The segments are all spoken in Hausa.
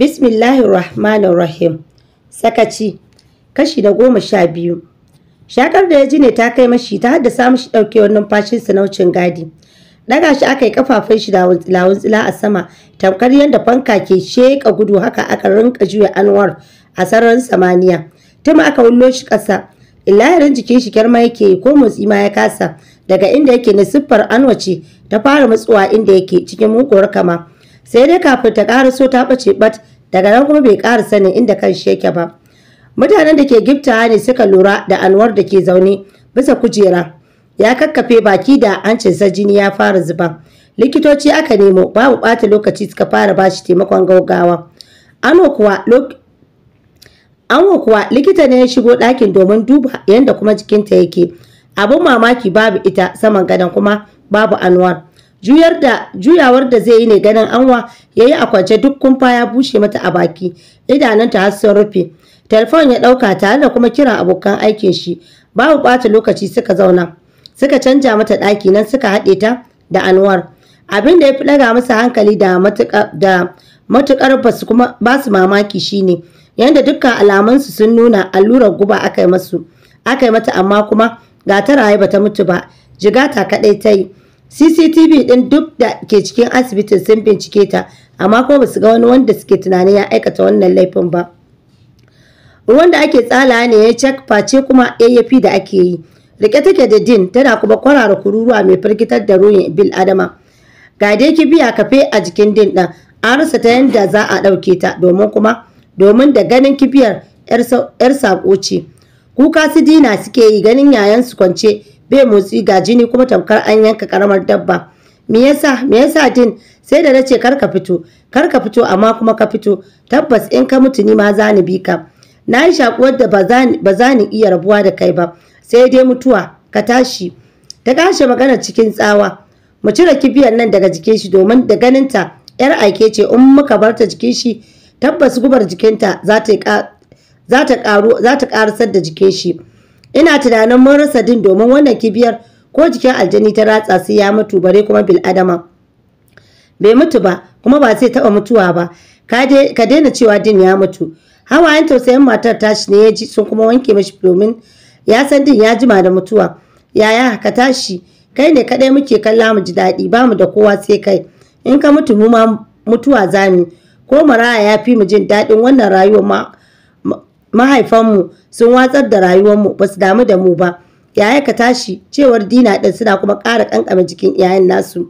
Bismillahir Rahmanir Sakaci kashi da goma sha biyu. Shakar da ya ji ne ta kai mashi ta haddasa mashi ɗaukewar numfashinsa na wucin gadi. Daga shi aka yi kafafai shi da wuntsila a sama tamkar yadda fanka ke sheƙa gudu haka aka rinka juya anwar a sararin samaniya. Tuma aka wullo shi ƙasa. Ilayarin jikin shi kyar yake ko motsi ma ya kasa daga inda yake na siffar anwace ta fara matsuwa inda yake cikin mugun kama. sai dai kafin ta ƙara so ta ɓace bat daga nan kuma bai ƙara sanin inda kanshi yake ba mutanen da ke gifta ne suka lura da anwar da ke zaune bisa kujera ya kakkafe baki da hancinsa jini ya fara zuba likitoci aka nemo babu ɓata lokaci suka fara ba shi taimakon gaugawa ano kuwa anwa kuwa likita ne ya shigo ɗakin domin duba yadda kuma jikinta yake abin mamaki babu ita saman gadon kuma babu anwar juyar da juyawar da zai yi ne ganin anwa ya yi a kwance duk kumfa ya bushe mata a baki idanunta har sun rufe telefon ya ɗauka tare da kuma kira abokan aikin shi babu ɓata lokaci suka zauna suka canja mata ɗaki nan suka haɗe ta da anwar abin da ya fi ɗaga masa hankali da matuƙar ba su kuma ba mamaki shine yanda dukkan alamansu sun nuna allurar guba aka yi masu aka mata amma kuma ga ta raye ba ta mutu ba jigata kaɗai ta yi cctv din duk da ke cikin asibitin sun bincike ta amma ko basu ga wani wanda suke tunanin ya aikata wannan laifin ba ruwan da ake tsala ne ya cek face kuma AAP da ake yi rike take da din tana kuma kwarara kururuwa mai firgitar da ruhin bil adama ga dai biya kafe a jikin din din an rasa ta yanda za a ɗauke ta domin kuma domin da ganin kibiyar 'yar saƙo ce kuka su dina suke yi ganin yayansu kwance bai motsi ga jini kuma tamkar an yanka karamar dabba me yasa me yasa din sai da nace kar ka fito kar ka fito amma kuma ka fito tabbas in ka mutu ni ma za ni bi ka na yi shakuwar da ba za ni iya rabuwa da kai ba sai dai mutuwa ka tashi ta kashe magana cikin tsawa mu cire kibiyar nan daga jikin shi domin da ganinta yar aike ce in muka bar ta jikin shi tabbas gubar jikinta za ta za ta ƙarasar da jikin shi ina tunanin mun rasa din domin wannan kibiyar ko jikin aljani ta ratsa sai ya mutu bare kuma bil adama bai mutu ba kuma ba sai taba mutuwa ba ka daina cewa din ya mutu hawayen tausayin matar tashi ne ya ji sun kuma wanke mashi domin ya san din ya jima da mutuwa yaya ka tashi kai ne kadai muke kalla mu ji daɗi ba mu da kowa sai kai in ka mutu mu ma mutuwa zamu ko maraya ya fi mu jin daɗin wannan rayuwar ma mahaifanmu sun watsar da rayuwarmu ba su damu da mu ba yaya ka tashi cewar dina ɗin suna kuma ƙara ƙanƙame jikin iyayen nasu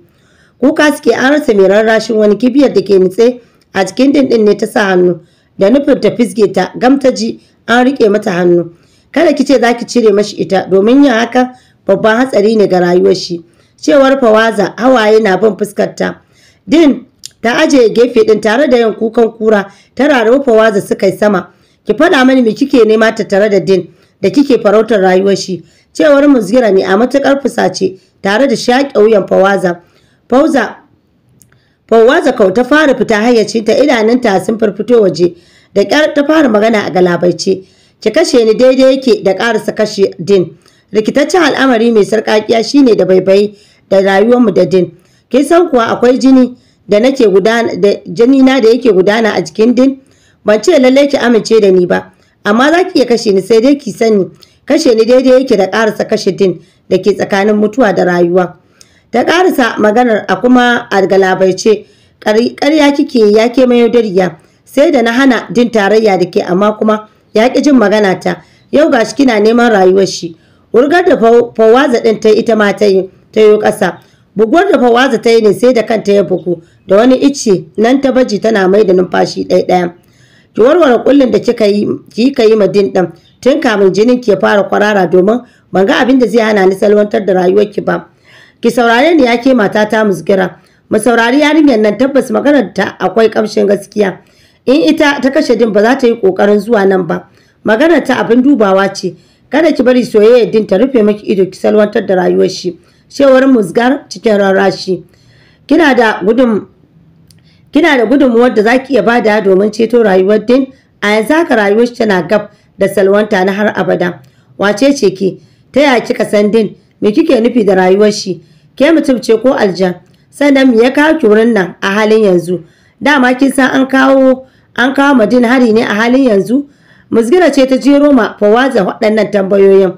kuka suke an mai rarrashin wani kibiyar da ke nutse a cikin dindin ne ta sa hannu da nufin ta fisge ta gamtaji an riƙe mata hannu kada ki ce za ki cire mashi ita domin yin haka babban hatsari ne ga rayuwar shi cewar fawaza hawaye na bin fuskar ta din ta ajiye gefe ɗin, tare da yin kukan kura ta rarrafa fawaza suka yi sama ki faɗa mani me kike nema ta tare da din da kike farautar rayuwar shi cewar muzgira ne a matukar fusace tare da shaƙe wuyan fawaza fauza fawaza kau ta fara fita idanun idanunta sun farfito waje da ƙyar ta fara magana a galabaice ki kashe ni daidai yake da ƙarasa kashe din rikitaccen al'amari mai sarƙaƙiya shine da baibai da rayuwarmu da din kin san kuwa akwai jini da nake gudana da jini na da yake gudana a jikin din ban ce lallai ki amince da ni ba amma za ki iya kashe ni sai dai ki sani kashe ni daidai yake da ƙarasa kashe din da ke tsakanin mutuwa da rayuwa ta ƙarasa maganar a kuma a galabaice ƙarya kike ya ke mai dariya sai da na hana din tarayya da ke amma kuma ya ƙi jin magana ta yau ga shi kina neman rayuwar shi wurgar da fawaza din ta ita ma ta yi ta yi ƙasa buguwar da fawaza ta yi ne sai da kanta ya bugu da wani icce nan ta baji tana mai da numfashi ɗaya ɗaya ki warware kullun da kika yi ki ka yi madin din tun kamin jinin ki fara kwarara domin ban ga abin da zai hana ni salwantar da rayuwarki ba ki saurare ni yake matata musgira mu saurari yarinyar nan tabbas maganar ta akwai kamshin gaskiya in ita ta kashe din ba za ta yi kokarin zuwa nan ba maganar ta abin dubawa ce kada ki bari soyayya din ta rufe maki ido ki salwantar da rayuwar shi shewar musgar cikin rarashi. kina da gudun kina da gudunmuwar da zaki iya bada domin ceto rayuwar din a yanzu haka rayuwar shi tana gab da salwanta na har abada wace ce ki ta ya kika san din me kike nufi da rayuwar shi ke mutum ce ko aljan sannan me ya kawo ki wurin nan a halin yanzu dama kin san an kawo an kawo madina hari ne a halin yanzu musgira ce ta jero ma fawaza waɗannan tambayoyin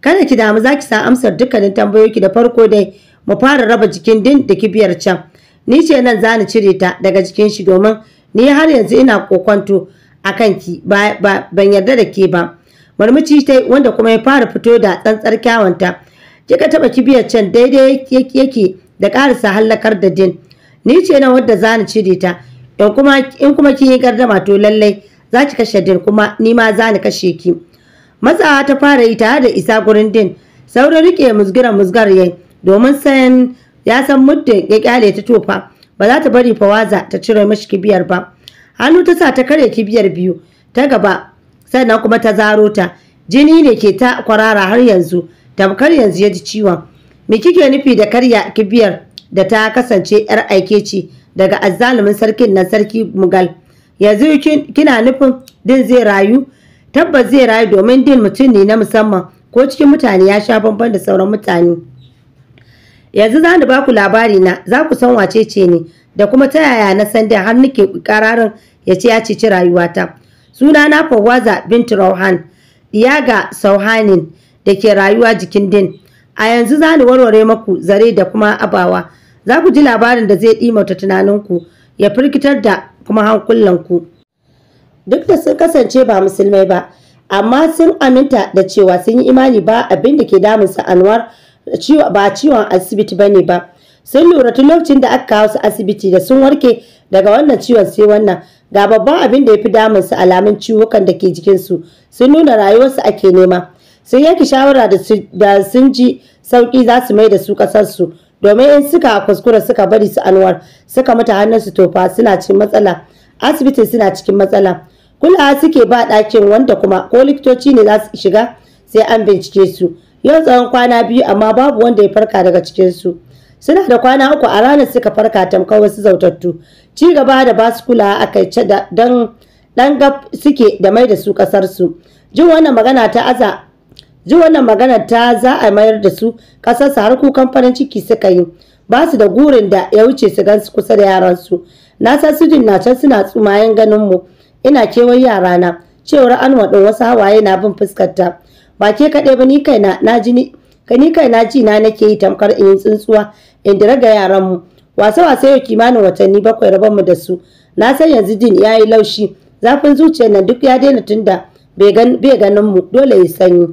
kada ki damu za ki sa amsar dukkanin tambayoyi da farko dai mu fara raba jikin din da kibiyar can ni ce nan za ni cire ta daga jikin shi domin ni har yanzu ina kokonto a kanki ban yarda da ke ba marmaci ta wanda kuma ya fara fito da tsantsar kyawanta, kika taba kibiyar can daidai yake da karisa hallakar da din ni ce nan wadda za ni cire ta in kuma in kuma kin yi gardama to lallai za ki kashe din kuma ni ma za ni kashe ki matsawa ta fara yi tare da isa gurin din saurin rike musgiran musgar yai, domin sayan ya san muddin ya kyale ta tofa ba za ta bari fawaza ta cire mashi kibiyar ba hannu ta sa ta karya kibiyar biyu ta gaba sannan kuma ta zaro ta jini ne ke ta kwarara har yanzu tamkar yanzu ya ji ciwon me kike nufi da karya kibiyar da ta kasance yar aike ce daga azzalumin sarkin na sarki mugal yanzu kina nufin din zai rayu tabbas zai rayu domin din mutum ne na musamman ko cikin mutane ya sha bamban da sauran mutane yanzu za ni ba ku labari na za ku san wace ce ni da kuma ta yaya na san har nake kararin ya ce ya ceci rayuwata suna na Fawwaza bint Rauhan Diyaga Sauhanin da ke rayuwa jikin din a yanzu za ni warware maku zare da kuma abawa za ku ji labarin da zai ɗimauta tunaninku ya firgitar da kuma hankulanku duk da sun kasance ba musulmai ba amma sun aminta da cewa sun yi imani ba abin da ke damunsa anwar ba ciwon asibiti ba ne ba sun lura tun lokacin da aka kawo su asibiti da sun warke daga wannan ciwon sai wannan ga babban abin da ya fi damun su alamun ciwukan da ke jikinsu sun nuna rayuwarsu ake nema sun yanke shawara da sun ji sauki za su mai da su ƙasarsu domin in suka kuskura suka bari su anwar suka mata hannunsu tofa suna cikin matsala asibitin suna cikin matsala kulawa suke ba ɗakin wanda kuma ko likitoci ne za su shiga sai an bincike su yau tsawon kwana biyu amma babu wanda ya farka daga cikin su suna da kwana uku a ranar suka farka tamkar wasu zautattu ci gaba da basu kula aka ce don dan gab suke da mai da su kasarsu jin wannan magana ta aza jin wannan magana ta za a mayar da su su har kukan farin ciki suka yi ba su da gurin da ya wuce su gan su kusa da yaransu na san sujin na can suna tsumayen ganin mu ina kewar yarana cewar an waɗin wasu hawaye na bin fuskarta ba ke kaɗai ba ni kaina na ji ni ka ni kaina ji na nake yi tamkar in tsuntsuwa in diraga yaran mu wasa wasa yau kimanin watanni bakwai rabon mu da su na san yanzu din yayi laushi zafin zuciyar nan duk ya daina tunda bai ganin mu dole ya sanyi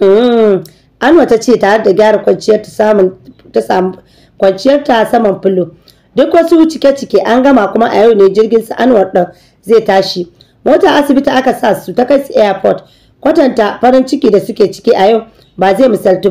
hmm, an wata ce tare da gyara kwanciyar ta samun ta samu kwanciyar ta saman filo duk wasu cike-cike an gama kuma a yau ne jirgin su anwar ɗan zai tashi mota asibiti aka sa su ta kai su airport kwatanta farin ciki da suke ciki a yau ba zai misaltu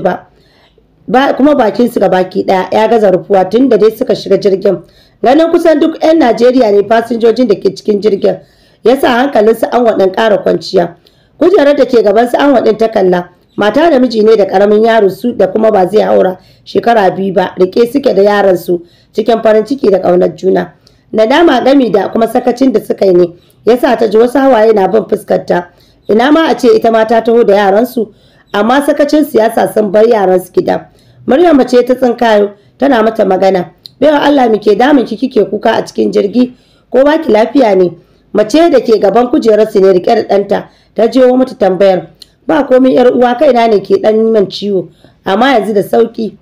ba kuma bakin su baki daya ya gaza rufuwa tun da dai suka shiga jirgin ganin kusan duk 'yan najeriya ne fasinjojin da ke cikin jirgin ya sa hankalin su an waɗin ƙara kwanciya kujerar da ke gaban su an waɗin ta kalla mata da miji ne da ƙaramin yaro su da kuma ba zai haura shekara biyu ba rike suke da yaran su cikin farin ciki da ƙaunar juna nadama gami da kuma sakacin da suka yi ne ya sa ta ji wasu hawaye na bin fuskarta ina ma a ce ita ma ta taho da yaransu amma sakacin siyasa sun bar yaran su gida maryam mace ta tsinkayo tana mata magana wa allah muke damun ki kike kuka a cikin jirgi ko ba ki lafiya ne mace da ke gaban kujerar su ne rike da danta, ta wa mata tambayar ba komai yar uwa kaina ne ke dan min ciwo amma yanzu da sauki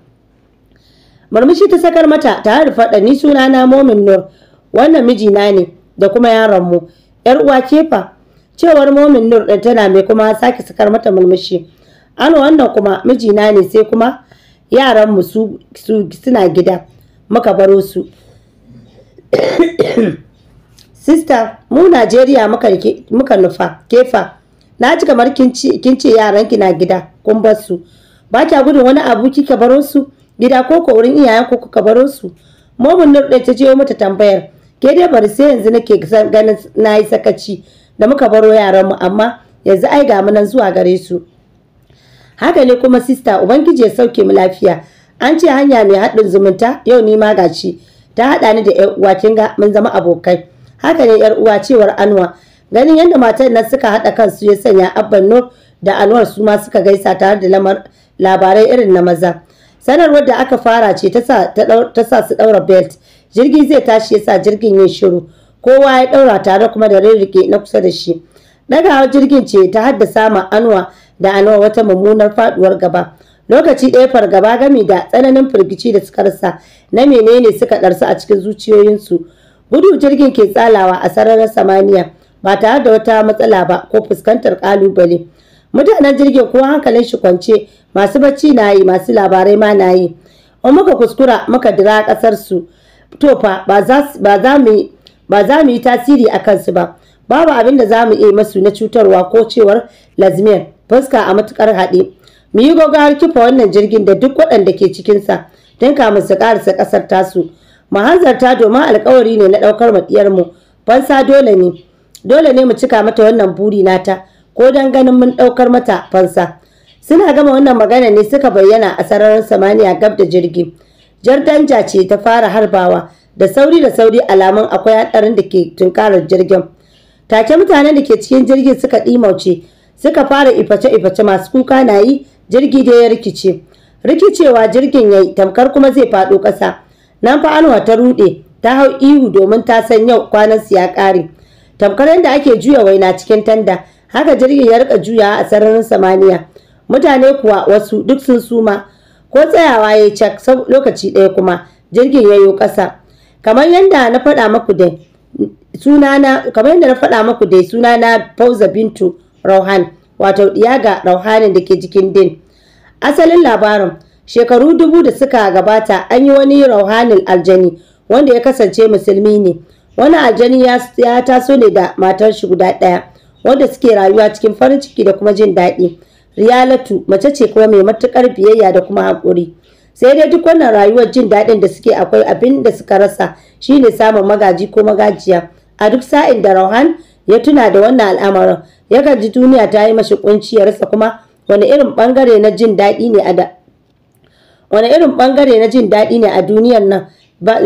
murmushi ta sakar mata ta har faɗa ni suna na momin nur wannan mijina ne da kuma yaron mu yar uwa kefa cewar momin nur ɗin tana mai kuma sake sakar mata mulmushi an wannan kuma mijina ne sai kuma yaran mu su suna gida muka baro su sista mu najeriya muka nufa kefa na ji kamar kin ce yaranki na gida kun bar su ba kya gudun wani abu kika baro su gida ko ko wurin iyayen ku kuka baro su momin nur ɗin ta je mata tambayar ke dai bari sai yanzu nake ganin na yi sakaci da muka baro yaranmu amma yanzu ai ga nan zuwa gare su haka ne kuma sista ubangiji ya sauke mu lafiya an ce hanya mai haɗin zumunta yau ni ma gaci ta haɗa ni da ƴar uwa kin ga mun zama abokai haka ne 'yar uwa cewar anwa ganin yadda matan nan suka haɗa kansu ya sanya abban nur da anwar su ma suka gaisa tare da labarai irin na maza sanarwar da aka fara ce ta sa su ɗaura belt jirgi zai tashi ya sa jirgin yin shiru kowa ya ɗaura tare kuma da rirrike na kusa da shi ɗagawar jirgin ce ta haddasa ma anwa da anwa wata mummunar faɗuwar gaba lokaci ɗaya fargaba gami da tsananin firgici da suka rasa na menene suka ɗarsu a cikin zuciyoyinsu gudu jirgin ke tsalawa a sararin samaniya ba tare da wata matsala ba ko fuskantar kalubale mutanen jirgin kuma hankalin shi kwance masu bacci na yi masu labarai ma na yi in muka kuskura muka dira ƙasar su to fa ba za mu ba za mu yi tasiri a kansu ba babu abin da za mu iya masu na cutarwa ko cewar lazmir fuska a matukar haɗe mu yi har kifa wannan jirgin da duk waɗanda ke cikinsa don kamun su ƙarasa ƙasar tasu mu hanzarta domin alkawari ne na ɗaukar mu. fansa dole ne dole ne mu cika mata wannan buri nata ko don ganin mun ɗaukar mata fansa suna gama wannan magana ne suka bayyana a sararin samaniya gab da jirgi danja ce ta fara harbawa da sauri da sauri alamun akwai hadarin da ke tunkarar jirgin take mutanen da ke cikin jirgin suka ɗimauce suka fara iface-iface masu kuka na yi jirgi da ya rikice rikicewa jirgin ya tamkar kuma zai faɗo ƙasa nan fa anwa ta ruɗe ta hau ihu domin ta san yau kwanansu ya ƙare tamkar yadda ake juya waina cikin tanda haka jirgin ya rika juyawa a sararin samaniya mutane kuwa wasu duk sun suma ko tsayawa ya yi cak lokaci ɗaya kuma jirgin ya yi ƙasa kamar yadda na faɗa maku dai sunana kamar yadda na faɗa maku dai sunana Fauza Bintu Rauhan wato ga Rauhanin da ke jikin din asalin labarin shekaru dubu da suka gabata an yi wani Rauhanin aljani wanda ya kasance musulmi ne wani aljani ya taso ne da matar shi guda ɗaya wanda suke rayuwa cikin farin ciki da kuma jin daɗi riyalatu mace ce kuma mai matuƙar biyayya da kuma haƙuri sai dai duk wannan rayuwar jin daɗin da suke akwai abin da suka rasa shine samun magaji ko magajiya a duk sa'in da Rauhan ya tuna da wannan al'amarin yakan ji duniya ta yi mashi kunci ya rasa kuma wani irin bangare na jin daɗi ne a wani irin bangare na jin daɗi ne a duniyar nan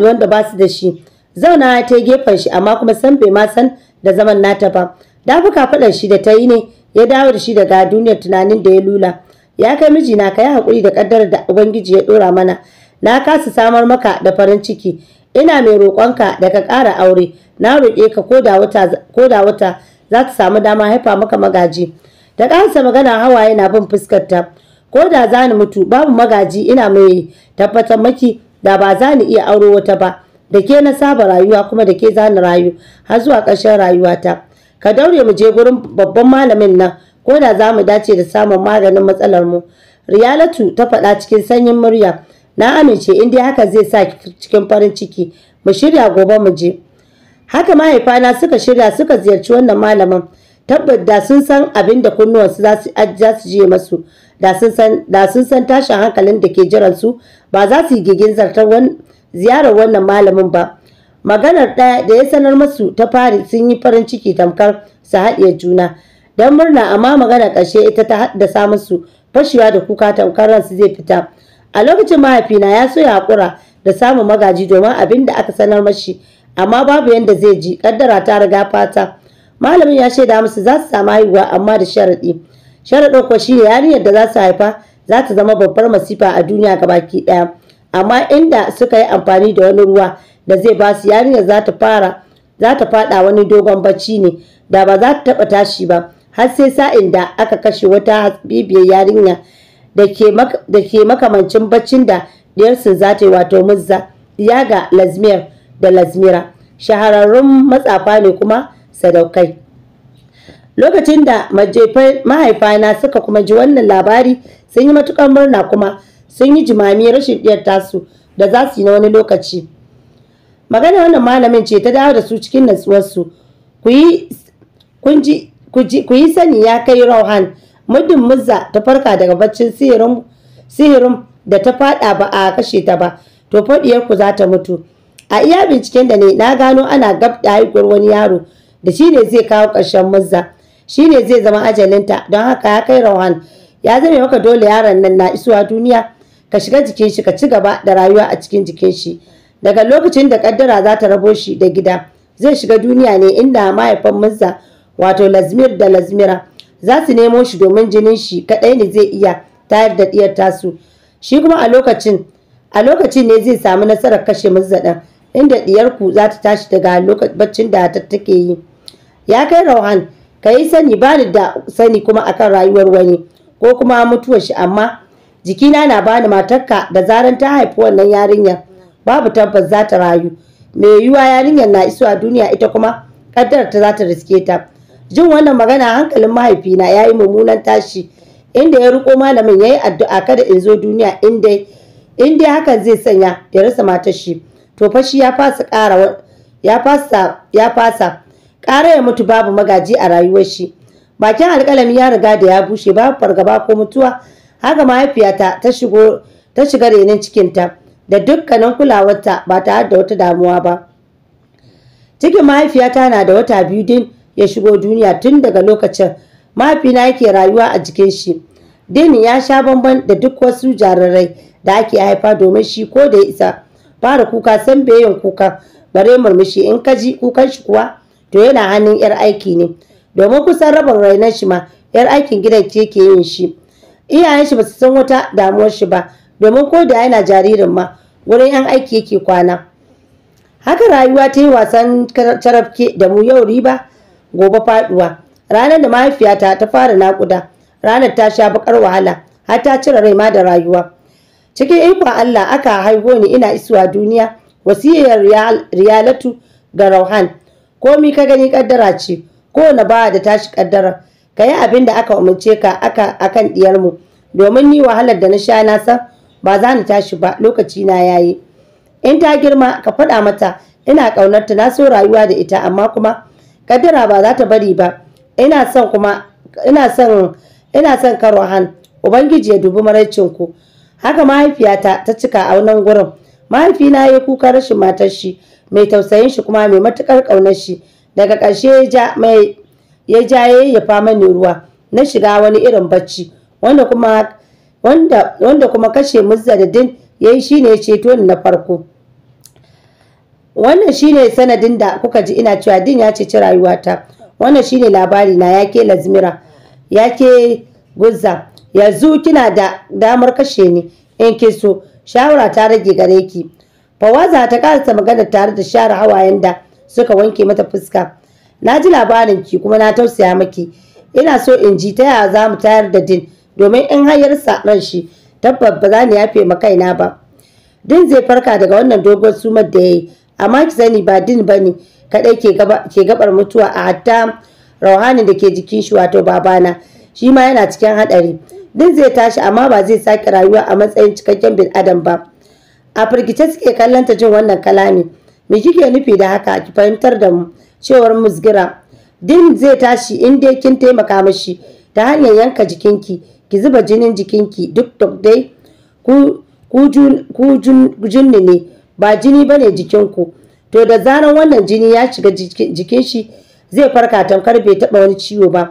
wanda ba su da shi zauna ta gefen shi amma kuma san bai ma san da zaman nata ba dafuka faɗan shi da ta yi ne ya dawo da shi daga duniyar tunanin da ya lula ya kai mijina ka yi hakuri da ƙaddarar da ubangiji ya ɗora mana na kasa samar maka da farin ciki ina mai roƙonka da ka ƙara aure na roƙe ka ko da wata za ta samu dama haifa maka magaji da ƙasa magana hawa yana bin fuskarta ko da za ni mutu babu magaji ina mai tabbatar maki da ba za ni iya aure wata ba da ke na saba rayuwa kuma da ke za rayu har zuwa ƙarshen rayuwata ka daure mu je gurin babban malamin nan ko da za mu dace da samun maganin matsalar mu riyalatu ta faɗa cikin sanyin murya na amince in dai haka zai sa cikin farin ciki mu shirya gobe mu je haka mahaifana suka shirya suka ziyarci wannan malamin tabbas da sun san abin da kunnuwansu za su je masu da sun san tashin hankalin da ke jiran su ba za su yi gigin zartar ziyarar wannan malamin ba maganar ɗaya da ya sanar masu ta fari sun yi farin ciki tamkar su haɗiye juna don murna amma magana ƙarshe ita ta haddasa musu fashewa da kuka tamkar ransu zai fita a lokacin mahaifina ya so ya haƙura da samun magaji domin abin da aka sanar mashi amma babu yadda zai ji ƙaddara ta riga fata malamin ya shaida musu za su samu haihuwa amma da sharaɗi sharaɗin kuwa shine yarinyar da za su haifa za ta zama babbar masifa a duniya ga baki ɗaya amma inda suka yi amfani da wani ruwa da zai ba su yarinyar za ta fara za ta faɗa wani dogon bacci ne da ba za ta taɓa tashi ba har sai sa'in da aka kashe wata bibiyar yarinya da ke makamancin baccin da diyarsu za ta yi wato muzza ya ga lazmir da lazmira shahararrun matsafa ne kuma sadaukai lokacin da mahaifana suka kuma ji wannan labari sun yi matukar murna kuma sun yi jimami rashin ɗiyar tasu da za su yi na wani lokaci magana wannan malamin ce ta dawo da su cikin natsuwarsu ku yi kun ji ku yi sani ya kai rauhan muddin muzza ta farka daga baccin sihirin da ta fada ba a kashe ta ba to fadiyar ku za ta mutu a iya binciken da ne na gano ana gab da haihuwar wani yaro da shi ne zai kawo ƙarshen muzza shi ne zai zama ajalinta don haka ya kai rauhan ya zame maka dole yaron nan na isuwa duniya ka shiga jikin shi ka ci gaba da rayuwa a cikin jikin shi daga lokacin da kaddara za ta rabo shi da gida zai shiga duniya ne inda mahaifan muzza wato lazmir da lazmira za su nemo shi domin jinin shi kaɗai ne zai iya tayar da ɗiyar tasu shi kuma a lokacin a lokacin ne zai samu nasarar kashe mazzaɗin inda ɗiyarku za ta tashi daga lokacin da ta take yi ya kai rauhan ka yi sani ba ni da sani kuma akan rayuwar wani ko kuma mutuwar shi amma jikina na bani matarka da zaran ta haifi wannan yarinyar babu tabbas za ta rayu mai yiwuwa yarinyar na isuwa duniya ita kuma kaddar ta za ta riske ta jin wannan magana hankalin mahaifina ya yi mummunan tashi inda ya riko malamin ya yi addu'a kada in zo duniya in dai hakan zai sanya ya rasa matar shi to fa shi ya fasa ƙara ya mutu babu magaji a rayuwar shi bakin alƙalami ya riga da ya bushe babu fargaba ko mutuwa haka mahaifiyata ta shiga renin cikinta da dukkanin kulawarta ba tare da wata damuwa ba cikin mahaifiyata na da wata biyu din ya shigo duniya tun daga lokacin mahaifina yake rayuwa a jikin shi dini ya sha bamban da duk wasu jarirai da ake haifa domin shi ko da ya isa fara kuka san yin kuka bare murmushi in ka ji kukan shi kuwa to yana hannun yar aiki ne domin kusan rabin rainar shi ma yar aikin gidan ce ke yin shi iyayen shi basu san wata damuwar shi ba domin ko da yana jaririn ma wurin yan aiki yake kwana haka rayuwa ta yi wasan carabke da mu yau riba gobe faduwa ranar da mahaifiyata ta fara nakuda ranar ta sha bakar wahala har ta cire rai ma da rayuwa cikin ikon Allah aka haihu ni ina isuwa duniya wasiyar riyalatu ga Rauhan komi ka gani kaddara ce na ba da tashi kaddara ka yi abin da aka umarce ka aka akan diyarmu domin ni wahalar da na sha na san ba za ni tashi ba lokaci na yayi in ta girma ka faɗa mata ina ƙaunarta na so rayuwa da ita amma kuma kadira ba za ta bari ba ina son kuma ina son ina son ubangiji ya dubi maraicin ku haka mahaifiyata ta cika a wannan gurin mahaifina ya kuka rashin matar shi mai tausayin shi kuma mai matukar kaunar shi daga ƙarshe ya ja mai ya ja yafa mani ruwa na shiga wani irin bacci wanda kuma wanda wanda kuma kashe muzzadin yayi shine ya ceto ni na farko wannan shine sanadin da kuka ji ina cewa din ya ceci rayuwata wannan shine labari na yake lazmira yake guzza yanzu kina da damar kashe ni in ke so shawara ta rage gare ki fawaza ta karasa magana tare da share hawayen da suka wanke mata fuska na ji labarin ki kuma na tausaya maki ina so in ji ta yaya za mu tayar da din domin in hayar sa ran shi tabbas ba za ni yafe ma kaina ba din zai farka daga wannan dogon sumar da yayi amma ki zani ba din bane kadai ke gabar mutuwa a hatta rauhanin da ke jikin shi wato babana shi ma yana cikin hadari din zai tashi amma ba zai sake rayuwa a matsayin cikakken bin adam ba a firgice suke kallon ta jin wannan kalami me kike nufi da haka ki fahimtar da mu cewar musgira din zai tashi in dai kin taimaka mashi ta hanyar yanka jikinki ki zuba jinin jikinki duk duk dai ku junni ne ba jini bane jikinku to da zaran wannan jini ya shiga jikin shi zai farka tamkar bai taɓa wani ciwo ba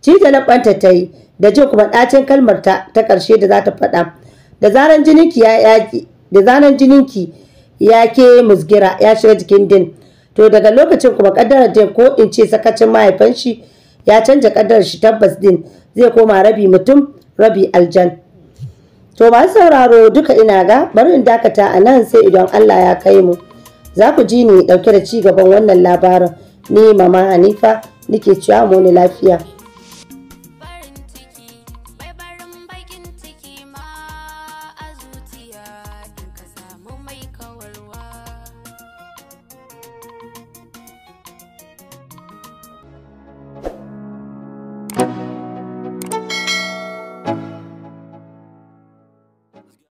cita laɓanta ta yi da jin kuma ɗacin kalmar ta ta ƙarshe da za ta faɗa da zaran jininki ya yaƙi da zaran jininki ya ke musgira ya shiga jikin din to daga lokacin kuma kaddarar din ko in ce sakacin mahaifan shi ya canja kaddarar shi tabbas din zai koma rabi mutum rabi aljan To masu sauraro duka ina ga in dakata a nan sai idan Allah ya kai mu. Za ku ji ni ɗauke da ci gaban wannan labarin. Ni Mama Hanifa nike cewa mu ne lafiya.